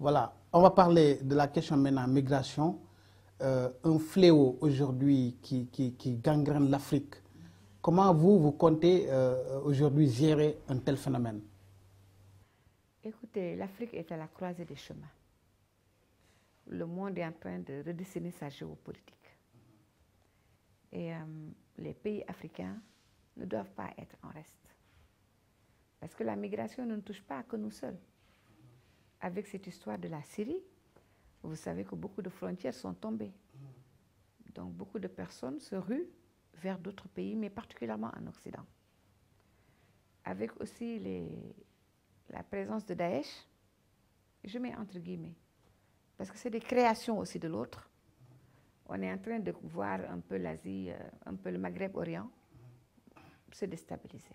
Voilà, on va parler de la question maintenant migration. Euh, un fléau aujourd'hui qui, gangrène l'Afrique. Comment vous, vous comptez euh, aujourd'hui gérer un tel phénomène Écoutez, l'Afrique est à la croisée des chemins. Le monde est en train de redessiner sa géopolitique. Et euh, les pays africains ne doivent pas être en reste. Parce que la migration ne touche pas que nous seuls avec cette histoire de la Syrie, vous savez que beaucoup de frontières sont tombées. Donc beaucoup de personnes se ruent vers d'autres pays, mais particulièrement en Occident. Avec aussi les, la présence de Daesh, je mets entre guillemets, parce que c'est des créations aussi de l'autre. On est en train de voir un peu l'Asie, euh, un peu le Maghreb-Orient se déstabiliser.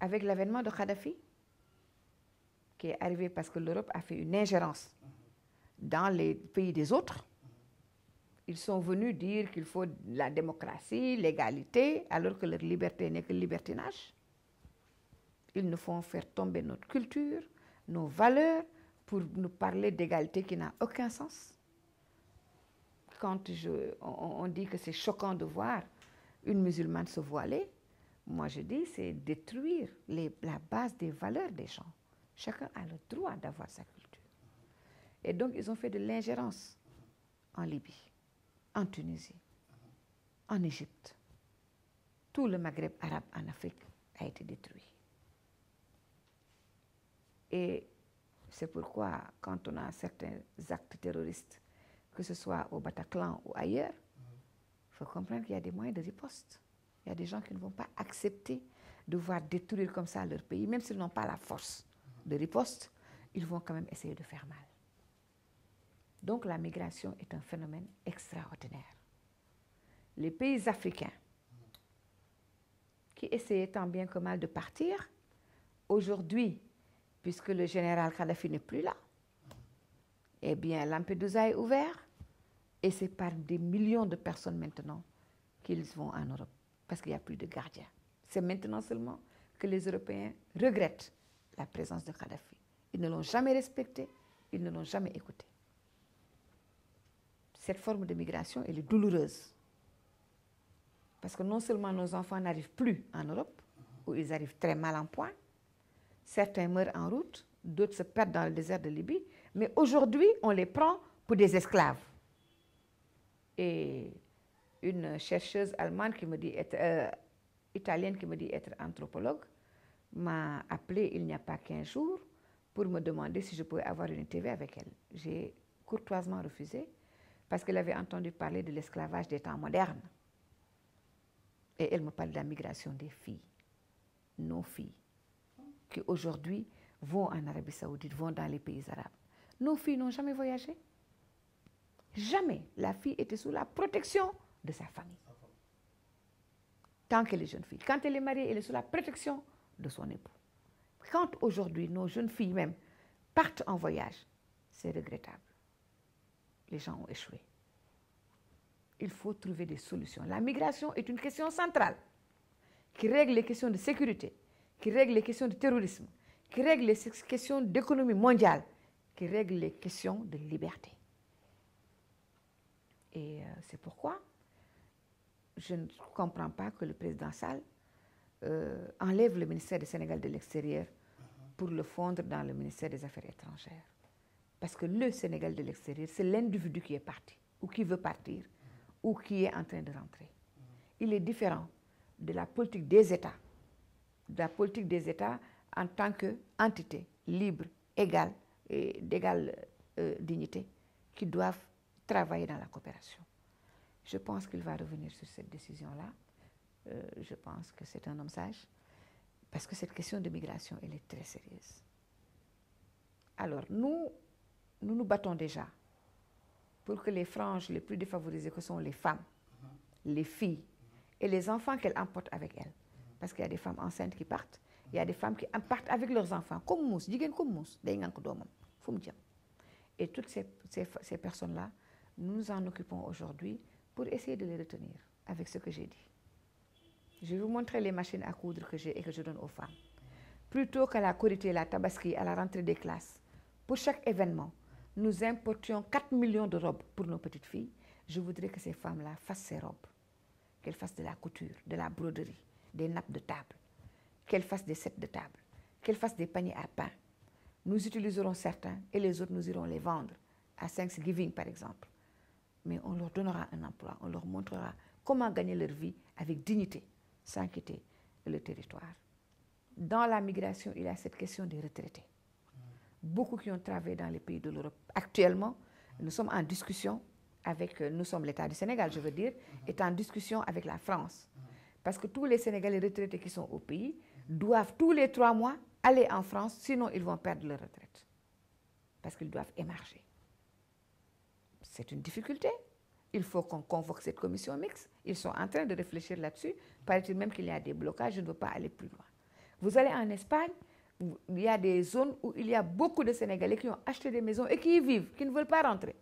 Avec l'avènement de Kadhafi, qui est arrivé parce que l'Europe a fait une ingérence dans les pays des autres. Ils sont venus dire qu'il faut la démocratie, l'égalité, alors que leur liberté n'est que le libertinage. Ils nous font faire tomber notre culture, nos valeurs, pour nous parler d'égalité qui n'a aucun sens. Quand je, on, dit que c'est choquant de voir une musulmane se voiler, moi je dis c'est détruire la base des valeurs des gens. Chacun a le droit d'avoir sa culture. Et donc, ils ont fait de l'ingérence en Libye, en Tunisie, en Égypte. Tout le Maghreb arabe en Afrique a été détruit. Et c'est pourquoi, quand on a certains actes terroristes, que ce soit au Bataclan ou ailleurs, il faut comprendre qu'il y a des moyens de riposte. Il y a des gens qui ne vont pas accepter de voir détruire comme ça leur pays, même s'ils n'ont pas la force de riposte, ils vont quand même essayer de faire mal. Donc la migration est un phénomène extraordinaire. Les pays africains qui essayaient tant bien que mal de partir, aujourd'hui, puisque le général Kadhafi n'est plus là, eh bien Lampedusa est ouvert et c'est par des millions de personnes maintenant qu'ils vont en Europe parce qu'il n'y a plus de gardiens. C'est maintenant seulement que les Européens regrettent la présence de Kadhafi. Ils ne l'ont jamais respecté, ils ne l'ont jamais écouté. Cette forme de migration, elle est douloureuse. Parce que non seulement nos enfants n'arrivent plus en Europe, où ils arrivent très mal en point, certains meurent en route, d'autres se perdent dans le désert de Libye, mais aujourd'hui, on les prend pour des esclaves. Et une chercheuse allemande qui me dit être, euh, italienne qui me dit être anthropologue, m'a appelé il n'y a pas 15 jours pour me demander si je pouvais avoir une TV avec elle. J'ai courtoisement refusé parce qu'elle avait entendu parler de l'esclavage des temps modernes. Et elle me parle de la migration des filles, nos filles, qui aujourd'hui vont en Arabie saoudite, vont dans les pays arabes. Nos filles n'ont jamais voyagé. Jamais. La fille était sous la protection de sa famille. Tant qu'elle est jeune fille. Quand elle est mariée, elle est sous la protection de son époux. Quand aujourd'hui nos jeunes filles même partent en voyage, c'est regrettable. Les gens ont échoué. Il faut trouver des solutions. La migration est une question centrale qui règle les questions de sécurité, qui règle les questions de terrorisme, qui règle les questions d'économie mondiale, qui règle les questions de liberté. Et euh, c'est pourquoi je ne comprends pas que le président Sall euh, enlève le ministère du Sénégal de l'extérieur pour le fondre dans le ministère des Affaires étrangères. Parce que le Sénégal de l'extérieur, c'est l'individu qui est parti, ou qui veut partir, ou qui est en train de rentrer. Il est différent de la politique des États, de la politique des États en tant qu'entité libre, égale et d'égale euh, dignité, qui doivent travailler dans la coopération. Je pense qu'il va revenir sur cette décision-là. Euh, je pense que c'est un homme sage, parce que cette question de migration, elle est très sérieuse. Alors, nous, nous nous battons déjà pour que les franges les plus défavorisées, que sont les femmes, mhm. les filles et les enfants qu'elles emportent avec elles, mhm. parce qu'il y a des femmes enceintes qui partent, il y a des femmes qui partent avec leurs enfants, comme Mous, digen comme dire. Et toutes ces, ces personnes-là, nous nous en occupons aujourd'hui pour essayer de les retenir avec ce que j'ai dit. Je vais vous montrer les machines à coudre que j'ai et que je donne aux femmes. Plutôt qu'à la Corité et la Tabaski à la rentrée des classes, pour chaque événement, nous importions 4 millions de robes pour nos petites filles. Je voudrais que ces femmes-là fassent ces robes, qu'elles fassent de la couture, de la broderie, des nappes de table, qu'elles fassent des sets de table, qu'elles fassent des paniers à pain. Nous utiliserons certains et les autres, nous irons les vendre à Thanksgiving, par exemple. Mais on leur donnera un emploi, on leur montrera comment gagner leur vie avec dignité sans le territoire. Dans la migration, il y a cette question des retraités. Beaucoup qui ont travaillé dans les pays de l'Europe. Actuellement, nous sommes en discussion avec, euh, nous sommes l'État du Sénégal, je veux dire, est en discussion avec la France. Parce que tous les Sénégalais retraités qui sont au pays doivent tous les trois mois aller en France, sinon ils vont perdre leur retraite. Parce qu'ils doivent émarger. C'est une difficulté, il faut qu'on convoque cette commission mixte. Ils sont en train de réfléchir là-dessus. Paraît-il même qu'il y a des blocages, je ne veux pas aller plus loin. Vous allez en Espagne, il y a des zones où il y a beaucoup de Sénégalais qui ont acheté des maisons et qui y vivent, qui ne veulent pas rentrer.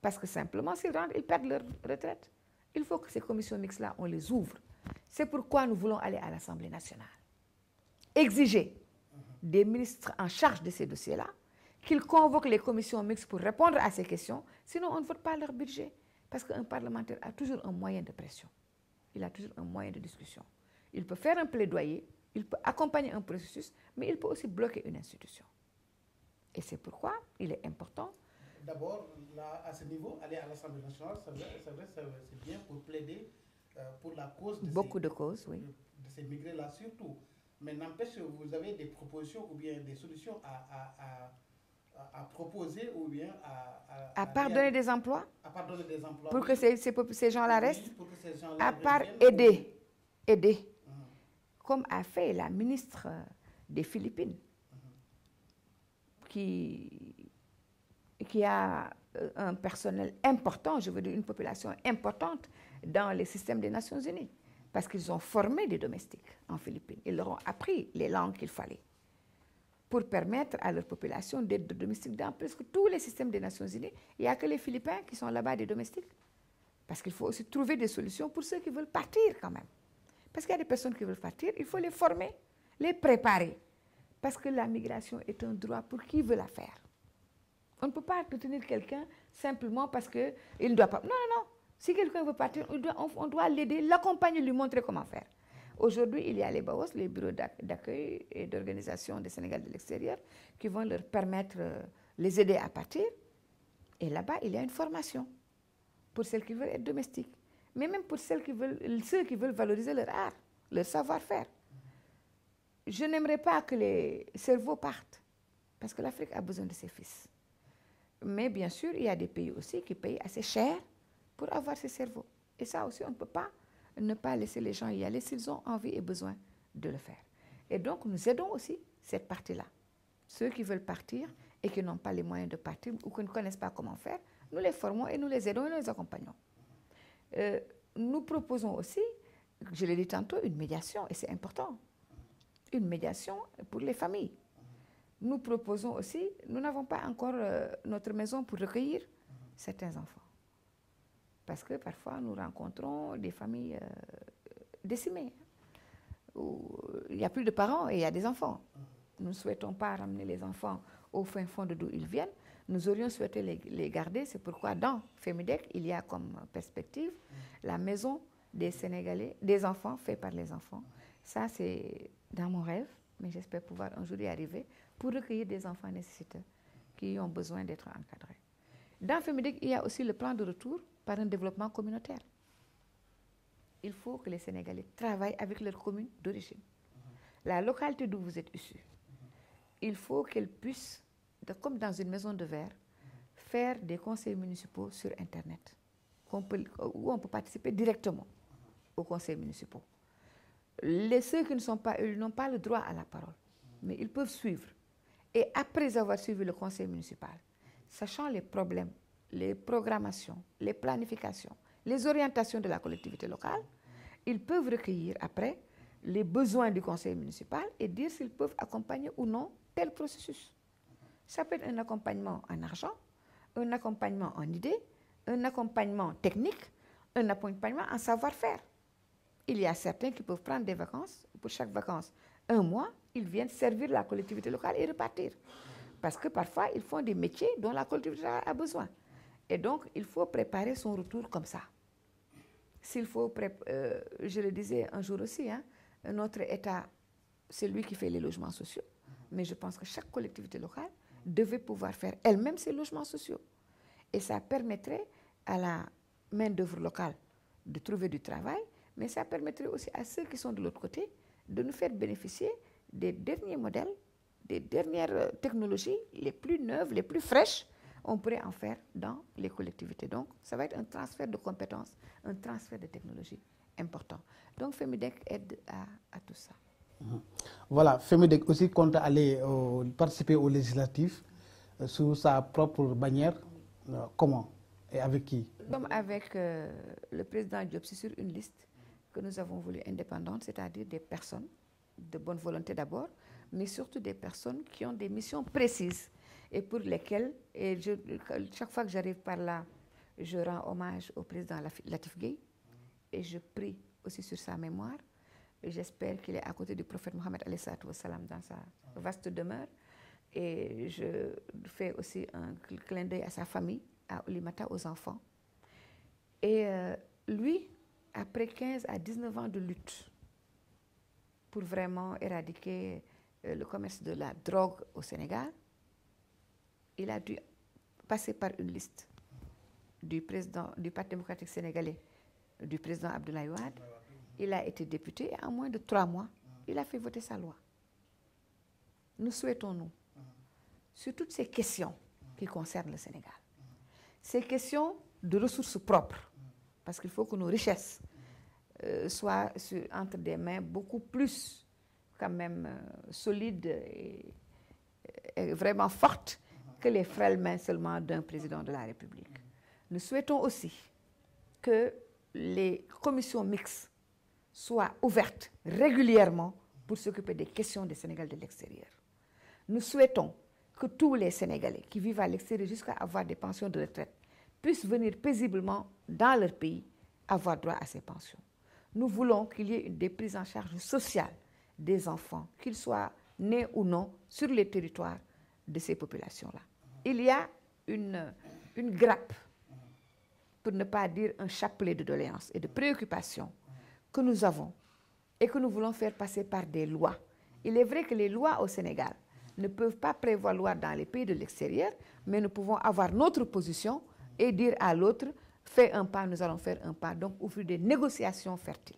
Parce que simplement, s'ils rentrent, ils perdent leur retraite. Il faut que ces commissions mixtes-là, on les ouvre. C'est pourquoi nous voulons aller à l'Assemblée nationale. Exiger des ministres en charge de ces dossiers-là qu'ils convoquent les commissions mixtes pour répondre à ces questions, sinon on ne vote pas leur budget. Parce qu'un parlementaire a toujours un moyen de pression. Il a toujours un moyen de discussion. Il peut faire un plaidoyer, il peut accompagner un processus, mais il peut aussi bloquer une institution. Et c'est pourquoi il est important. D'abord, à ce niveau, aller à l'Assemblée nationale, c'est bien pour plaider euh, pour la cause de Beaucoup ces, de causes, oui. migrés-là surtout. Mais n'empêche, vous avez des propositions ou bien des solutions à à, proposer ou bien à... À, à pardonner des emplois À des emplois. Pour que ces, gens-là restent À part aider, aider, hum. comme a fait la ministre des Philippines, hum. qui, qui a euh, un personnel important, je veux dire une population importante dans les systèmes des Nations Unies, parce qu'ils ont formé des domestiques en Philippines. Ils leur ont appris les langues qu'il fallait pour permettre à leur population d'être domestiques. Dans presque tous les systèmes des Nations Unies, il n'y a que les Philippins qui sont là-bas des domestiques. Parce qu'il faut aussi trouver des solutions pour ceux qui veulent partir quand même. Parce qu'il y a des personnes qui veulent partir, il faut les former, les préparer. Parce que la migration est un droit pour qui veut la faire. On ne peut pas retenir quelqu'un simplement parce qu'il ne doit pas. Non, non, non. Si quelqu'un veut partir, on doit, l'aider, l'accompagner, lui montrer comment faire. Aujourd'hui, il y a les BAOS, les bureaux d'accueil et d'organisation des Sénégal de l'extérieur, qui vont leur permettre, euh, les aider à partir. Et là-bas, il y a une formation pour celles qui veulent être domestiques, mais même pour celles qui veulent, ceux qui veulent valoriser leur art, leur savoir-faire. Je n'aimerais pas que les cerveaux partent, parce que l'Afrique a besoin de ses fils. Mais bien sûr, il y a des pays aussi qui payent assez cher pour avoir ces cerveaux. Et ça aussi, on ne peut pas ne pas laisser les gens y aller s'ils ont envie et besoin de le faire. Et donc, nous aidons aussi cette partie-là. Ceux qui veulent partir et qui n'ont pas les moyens de partir ou qui ne connaissent pas comment faire, nous les formons et nous les aidons et nous les accompagnons. Euh, nous proposons aussi, je l'ai dit tantôt, une médiation, et c'est important, une médiation pour les familles. Nous proposons aussi, nous n'avons pas encore euh, notre maison pour recueillir certains enfants. Parce que parfois, nous rencontrons des familles euh, décimées, où il n'y a plus de parents et il y a des enfants. Nous ne souhaitons pas ramener les enfants au fin fond de d'où ils viennent. Nous aurions souhaité les, les garder. C'est pourquoi dans FEMIDEC, il y a comme perspective la maison des Sénégalais, des enfants faits par les enfants. Ça, c'est dans mon rêve, mais j'espère pouvoir un jour y arriver pour recueillir des enfants nécessiteux qui ont besoin d'être encadrés. Dans FEMIDEC, il y a aussi le plan de retour par un développement communautaire. Il faut que les Sénégalais travaillent avec leur commune d'origine. Mhm. La localité d'où vous êtes issu, il faut qu'elle puisse, comme dans une maison de verre, mhm. faire des conseils municipaux sur Internet, où on peut participer directement mhm. aux conseils municipaux. Les, ceux qui ne sont pas élus n'ont pas le droit à la parole, mais ils peuvent suivre. Et après avoir suivi le conseil municipal, sachant les problèmes les programmations, les planifications, les orientations de la collectivité locale, ils peuvent recueillir après les besoins du conseil municipal et dire s'ils peuvent accompagner ou non tel processus. Ça peut être un accompagnement en argent, un accompagnement en idées, un accompagnement technique, un accompagnement en savoir-faire. Il y a certains qui peuvent prendre des vacances, pour chaque vacances, un mois, ils viennent servir la collectivité locale et repartir. Parce que parfois, ils font des métiers dont la collectivité a besoin. Et donc, il faut préparer son retour comme ça. S'il faut, euh, je le disais un jour aussi, notre hein, État, c'est lui qui fait les logements sociaux. Mais je pense que chaque collectivité locale devait pouvoir faire elle-même ses logements sociaux. Et ça permettrait à la main-d'œuvre locale de trouver du travail, mais ça permettrait aussi à ceux qui sont de l'autre côté de nous faire bénéficier des derniers modèles, des dernières euh, technologies les plus neuves, les plus fraîches on pourrait en faire dans les collectivités. Donc, ça va être un transfert de compétences, un transfert de technologies important. Donc, FEMIDEC aide à, tout ça. Mhm. Voilà, FEMIDEC aussi compte aller participer au législatif euh, sous sa propre bannière. Euh, comment et avec qui Comme avec euh, le président Diop, c'est sur une liste que nous avons voulu indépendante, c'est-à-dire des personnes de bonne volonté d'abord, mais surtout des personnes qui ont des missions précises et pour lesquels, et je, chaque fois que j'arrive par là, je rends hommage au président Latif Gueye et je prie aussi sur sa mémoire. J'espère qu'il est à côté du prophète Mohammed salam dans sa vaste demeure. Et je fais aussi un clin d'œil à sa famille, à Olimata, aux enfants. Et euh, lui, après 15 à 19 ans de lutte pour vraiment éradiquer euh, le commerce de la drogue au Sénégal, il a dû passer par une liste du président du Parti démocratique sénégalais, du président Abdoulaye Wade. Il a été député et en moins de trois mois, il a fait voter sa loi. Nous souhaitons, nous, sur toutes ces questions qui concernent le Sénégal, ces questions de ressources propres, parce qu'il faut que nos richesses euh, soient entre des mains beaucoup plus quand même euh, solides et, vraiment fortes que les frêles mains seulement d'un président de la République. Nous souhaitons aussi que les commissions mixtes soient ouvertes régulièrement pour s'occuper des questions des Sénégal de l'extérieur. Nous souhaitons que tous les Sénégalais qui vivent à l'extérieur jusqu'à avoir des pensions de retraite puissent venir paisiblement dans leur pays avoir droit à ces pensions. Nous voulons qu'il y ait des prises en charge sociales des enfants, qu'ils soient nés ou non sur les territoires de ces populations-là il y a une, grappe, pour ne pas dire un chapelet de doléances et de préoccupations que nous avons et que nous voulons faire passer par des lois. Il est vrai que les lois au Sénégal ne peuvent pas prévaloir dans les pays de l'extérieur, mais nous pouvons avoir notre position et dire à l'autre, fais un pas, nous allons faire un pas. Donc, ouvrir des négociations fertiles.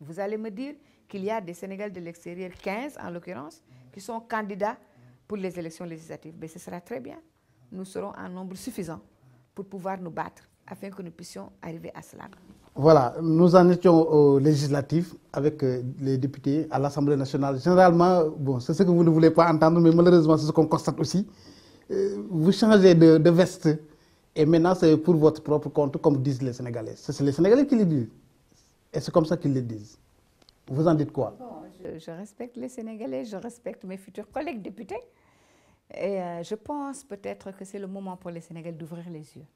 Vous allez me dire qu'il y a des Sénégalais de l'extérieur, 15 en l'occurrence, qui sont candidats pour les élections législatives. Mais ce sera très bien. Nous serons en nombre suffisant pour pouvoir nous battre afin que nous puissions arriver à cela. Voilà, nous en étions au législatif avec euh, les députés à l'Assemblée nationale. Généralement, bon, c'est ce que vous ne voulez pas entendre, mais malheureusement, c'est ce qu'on constate aussi. Euh, vous changez de, veste et maintenant c'est pour votre propre compte, comme disent les Sénégalais. C'est les Sénégalais qui le disent. Et c'est comme ça qu'ils le disent. Vous en dites quoi euh, je respecte les Sénégalais, je respecte mes futurs collègues députés. Et euh, je pense peut-être que c'est le moment pour les Sénégalais d'ouvrir les yeux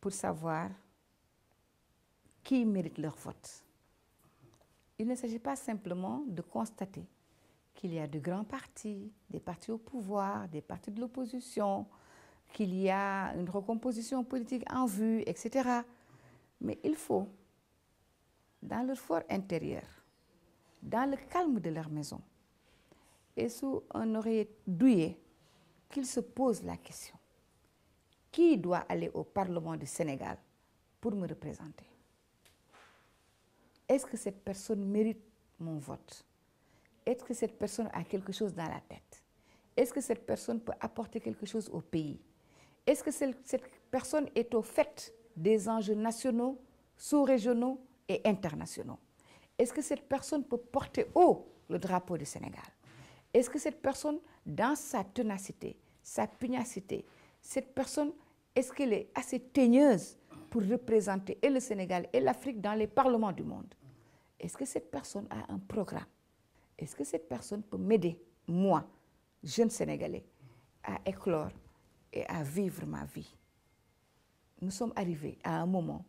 pour savoir qui mérite leur vote. Il ne s'agit pas simplement de constater qu'il y a de grands partis, des partis au pouvoir, des partis de l'opposition, qu'il y a une recomposition politique en vue, etc. Mais il faut, dans leur fort intérieur, dans le calme de leur maison et sous un oreiller douillet qu'ils se posent la question. Qui doit aller au Parlement du Sénégal pour me représenter Est-ce que cette personne mérite mon vote Est-ce que cette personne a quelque chose dans la tête Est-ce que cette personne peut apporter quelque chose au pays Est-ce que cette personne est au fait des enjeux nationaux, sous-régionaux et internationaux est-ce que cette personne peut porter haut le drapeau du Sénégal Est-ce que cette personne, dans sa ténacité, sa pugnacité, cette personne, est-ce qu'elle est assez teigneuse pour représenter le Sénégal et l'Afrique dans les parlements du monde Est-ce que cette personne a un programme Est-ce que cette personne peut m'aider, moi, jeune Sénégalais, à éclore et à vivre ma vie Nous sommes arrivés à un moment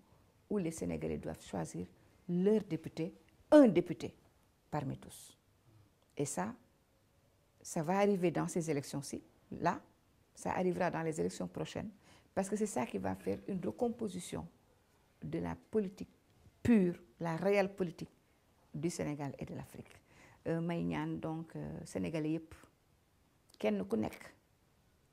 où les Sénégalais doivent choisir leur député un député parmi tous. Et ça, ça va arriver dans ces élections-ci. Là, ça arrivera dans les élections prochaines, parce que c'est ça qui va faire une recomposition de la politique pure, la réelle politique du Sénégal et de l'Afrique. Euh, may ñaan donc euh, sénégalais yëpp kenn ku nekk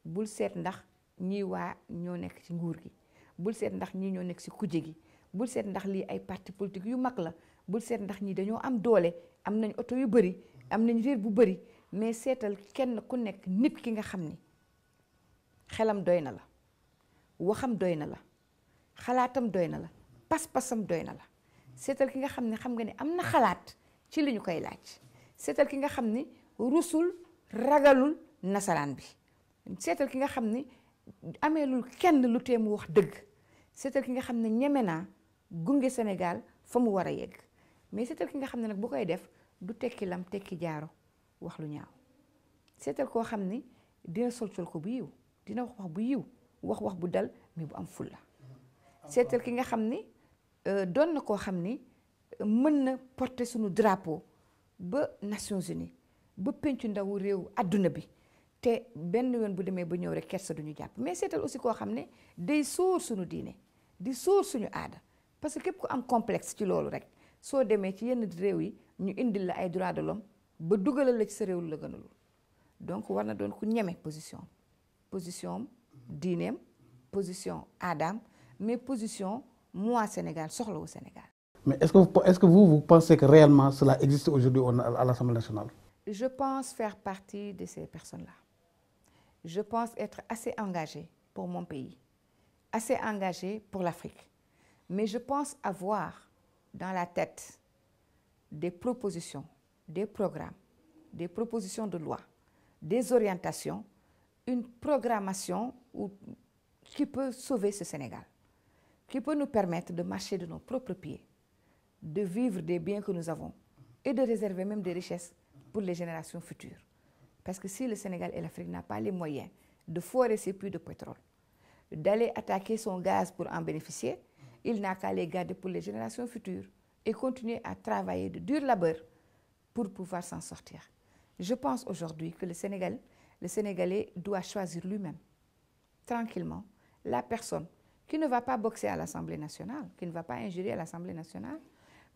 bul seet ndax ñii waa ñoo nekk ci nguur gi bul seet ndax ñii ñoo nekk ci bul ndax ay parti politique yu mag la bul seet ndax ñii dañoo am doole am nañ oto yu bëri am nañ réer bu bari mais seetal kenn ku nekk nit ki nga xam ni xelam doy na la waxam doy na la xalaatam doy na la pas-pasam doy na la seetal ki nga xam ne xam nga ne am na xalaat ci li ñu koy laaj seetal ki nga xam ni rusul ragalul nasaraan bi seetal ki nga xam ni ameelul kenn lu tee mu wax dëgg seetal ki nga xam ne ñeme naa gunge senegal fa mu war a yegg mais seetal ki nga xam ne nag bu koy def du tekki lam tekki jaaro wax lu ñaaw seetal koo xam ni dina sol sol ko bu yiw dina wax wax bu yiw wax wax bu dal mais bu am ful la seetal ki nga xam ni euh, doon na koo xam ni euh, mën na porter suñu drapeau ba Nations Unies ba pencu ndaw réew àdduna bi te benn yoon bu demee ba ñëw rek kersa duñu jàpp mais seetal aussi koo xam ne day sóor suñu diine di sóor suñu aada parce que képp ku am complexe ci loolu rek soo demee ci yenn réew yi ñu indil la ay droits de l'homme ba dugalal la ci sa réew donc war na doon ku position position Dinem, position Adam, mais position moi Sénégal le Sénégal. mais est-ce que est-ce que vous vous pensez que réellement cela existe aujourd'hui à l'Assemblée nationale. je pense faire partie de ces personnes-là je pense être assez engagée pour mon pays assez engagée pour l'Afrique mais je pense avoir dans la tête des propositions, des programmes, des propositions de loi, des orientations, une programmation qui peut sauver ce Sénégal, qui peut nous permettre de marcher de nos propres pieds, de vivre des biens que nous avons et de réserver même des richesses pour les générations futures. Parce que si le Sénégal et l'Afrique n'ont pas les moyens de forer ses puits de pétrole, d'aller attaquer son gaz pour en bénéficier, il n'a qu'à les garder pour les générations futures et continuer à travailler de dur labeur pour pouvoir s'en sortir. Je pense aujourd'hui que le le Sénégalais doit choisir lui-même, tranquillement, la personne qui ne va pas boxer à l'Assemblée nationale, qui ne va pas injurier à l'Assemblée nationale,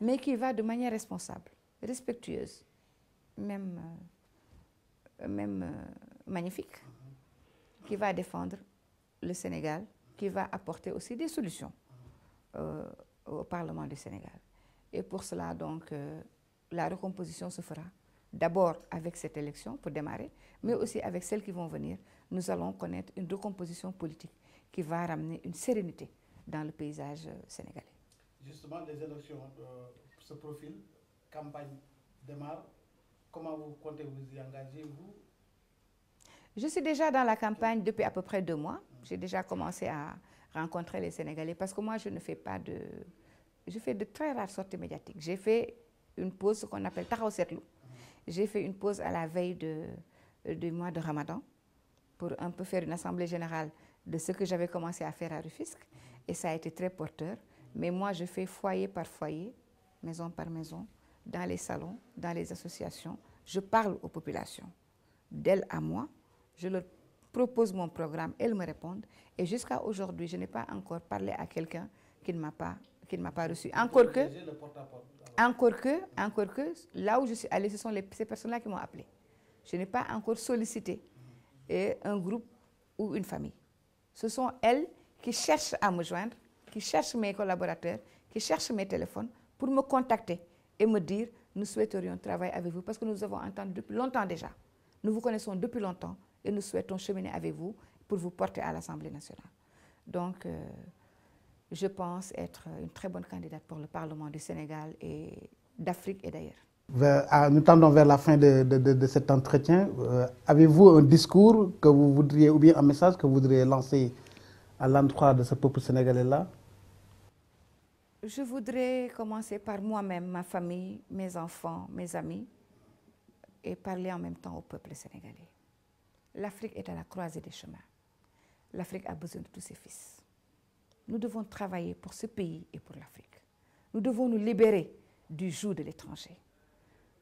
mais qui va de manière responsable, respectueuse, même, euh, même euh, magnifique, qui va défendre le Sénégal, qui va apporter aussi des solutions. Euh, au Parlement du Sénégal. Et pour cela, donc, euh, la recomposition se fera d'abord avec cette élection pour démarrer, mais aussi avec celles qui vont venir. Nous allons connaître une recomposition politique qui va ramener une sérénité dans le paysage euh, sénégalais. Justement, les élections se profilent, campagne démarre. Comment vous comptez vous y engager, vous Je suis déjà dans la campagne depuis à peu près deux mois. J'ai déjà commencé à, rencontrer les Sénégalais parce que moi, je ne fais pas de... Je fais de très rares sorties médiatiques. J'ai fait une pause, ce qu'on appelle Tarao J'ai fait une pause à la veille de, euh, du mois de Ramadan pour un peu faire une assemblée générale de ce que j'avais commencé à faire à Rufisque. Et ça a été très porteur. Mais moi, je fais foyer par foyer, maison par maison, dans les salons, dans les associations. Je parle aux populations. D'elles à moi, je leur propose mon programme, elles me répondent. Et jusqu'à aujourd'hui, je n'ai pas encore parlé à quelqu'un qui ne m'a pas qui ne m'a pas reçu. Encore que, encore que, encore que, là où je suis allée, ce sont les, ces personnes-là qui m'ont appelé. Je n'ai pas encore sollicité et un groupe ou une famille. Ce sont elles qui cherchent à me joindre, qui cherchent mes collaborateurs, qui cherchent mes téléphones pour me contacter et me dire nous souhaiterions travailler avec vous parce que nous avons entendu depuis longtemps déjà. Nous vous connaissons depuis longtemps et nous souhaitons cheminer avec vous pour vous porter à l'Assemblée nationale. Donc, euh, je pense être une très bonne candidate pour le Parlement du Sénégal et d'Afrique et d'ailleurs. Ah, nous tendons vers la fin de, cet entretien. Euh, avez-vous un discours que vous voudriez, ou bien un message que vous voudriez lancer à l'endroit de ce peuple sénégalais-là Je voudrais commencer par moi-même, ma famille, mes enfants, mes amis, et parler en même temps au peuple sénégalais. L'Afrique est à la croisée des chemins. L'Afrique a besoin de tous ses fils. Nous devons travailler pour ce pays et pour l'Afrique. Nous devons nous libérer du joug de l'étranger.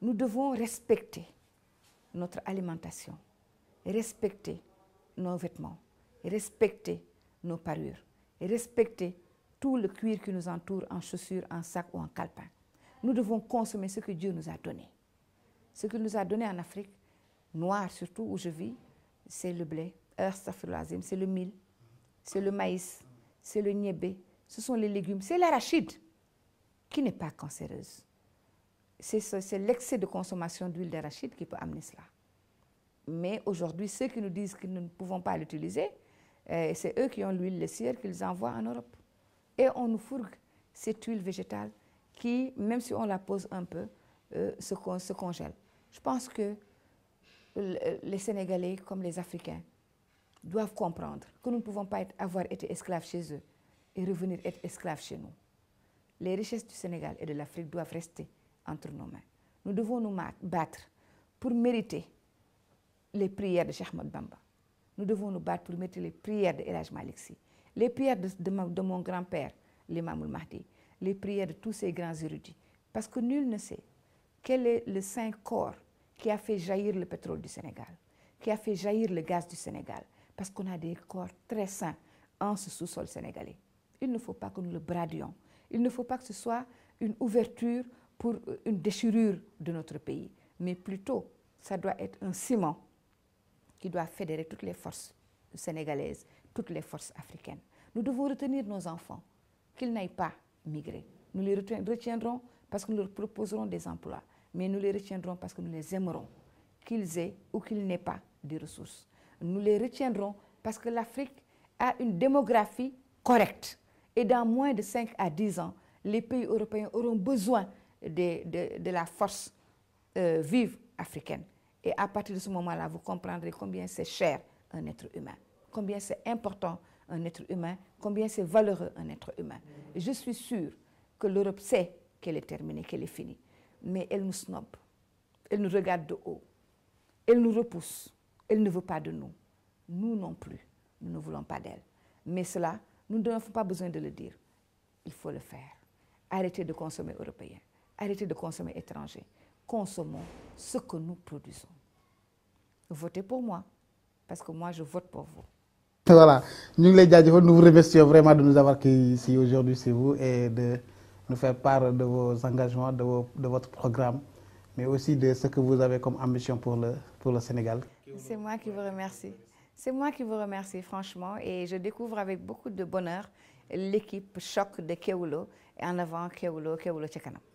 Nous devons respecter notre alimentation, respecter nos vêtements, respecter nos parures, respecter tout le cuir qui nous entoure en chaussures, en sac ou en calepin. Nous devons consommer ce que Dieu nous a donné. Ce qu'il nous a donné en Afrique, noir surtout où je vis, c'est le blé, c'est le mil, c'est le maïs, c'est le niébé, ce sont les légumes, c'est l'arachide qui n'est pas cancéreuse. C'est l'excès de consommation d'huile d'arachide qui peut amener cela. Mais aujourd'hui, ceux qui nous disent que nous ne pouvons pas l'utiliser, euh, c'est eux qui ont l'huile les cire qu'ils envoient en Europe. Et on nous fourgue cette huile végétale qui, même si on la pose un peu, euh, se, congèle. Je pense que les Sénégalais comme les Africains doivent comprendre que nous ne pouvons pas avoir été esclaves chez eux et revenir être esclaves chez nous. Les richesses du Sénégal et de l'Afrique doivent rester entre nos mains. Nous devons nous battre pour mériter les prières de Cheikh Bamba. Nous devons nous battre pour mériter les prières de Elaj Maliksi, les prières de, mon grand-père, l'imam Mahdi, les prières de tous ces grands érudits. Parce que nul ne sait quel est le saint corps qui a fait jaillir le pétrole du Sénégal, qui a fait jaillir le gaz du Sénégal, parce qu'on a des corps très sains en ce sous-sol sénégalais. Il ne faut pas que nous le bradions. Il ne faut pas que ce soit une ouverture pour euh, une déchirure de notre pays, mais plutôt, ça doit être un ciment qui doit fédérer toutes les forces sénégalaises, toutes les forces africaines. Nous devons retenir nos enfants, qu'ils n'aillent pas migrer. Nous les retiendrons parce que nous leur proposerons des emplois mais nous les retiendrons parce que nous les aimerons, qu'ils aient ou qu'ils n'aient pas de ressources. Nous les retiendrons parce que l'Afrique a une démographie correcte. Et dans moins de 5 à 10 ans, les pays européens auront besoin de, de, la force euh, vive africaine. Et à partir de ce moment-là, vous comprendrez combien c'est cher un être humain, combien c'est important un être humain, combien c'est valeureux un être humain. Je suis sûre que l'Europe sait qu'elle est terminée, qu'elle est finie mais elle nous snob, elle nous regarde de haut, elle nous repousse, elle ne veut pas de nous. Nous non plus, nous ne voulons pas d'elle. Mais cela, nous n'avons pas besoin de le dire. Il faut le faire. Arrêtez de consommer européen, arrêtez de consommer étranger. Consommons ce que nous produisons. Votez pour moi, parce que moi je vote pour vous. Voilà, nous vous remercions vraiment de nous avoir ici aujourd'hui, c'est vous, et de nous faire part de vos engagements, de, votre programme, mais aussi de ce que vous avez comme ambition pour le, Sénégal. C'est moi qui vous remercie. C'est moi qui vous remercie, franchement, et je découvre avec beaucoup de bonheur l'équipe choc de Keolo et en avant Keoulo, Keolo Tchekanam.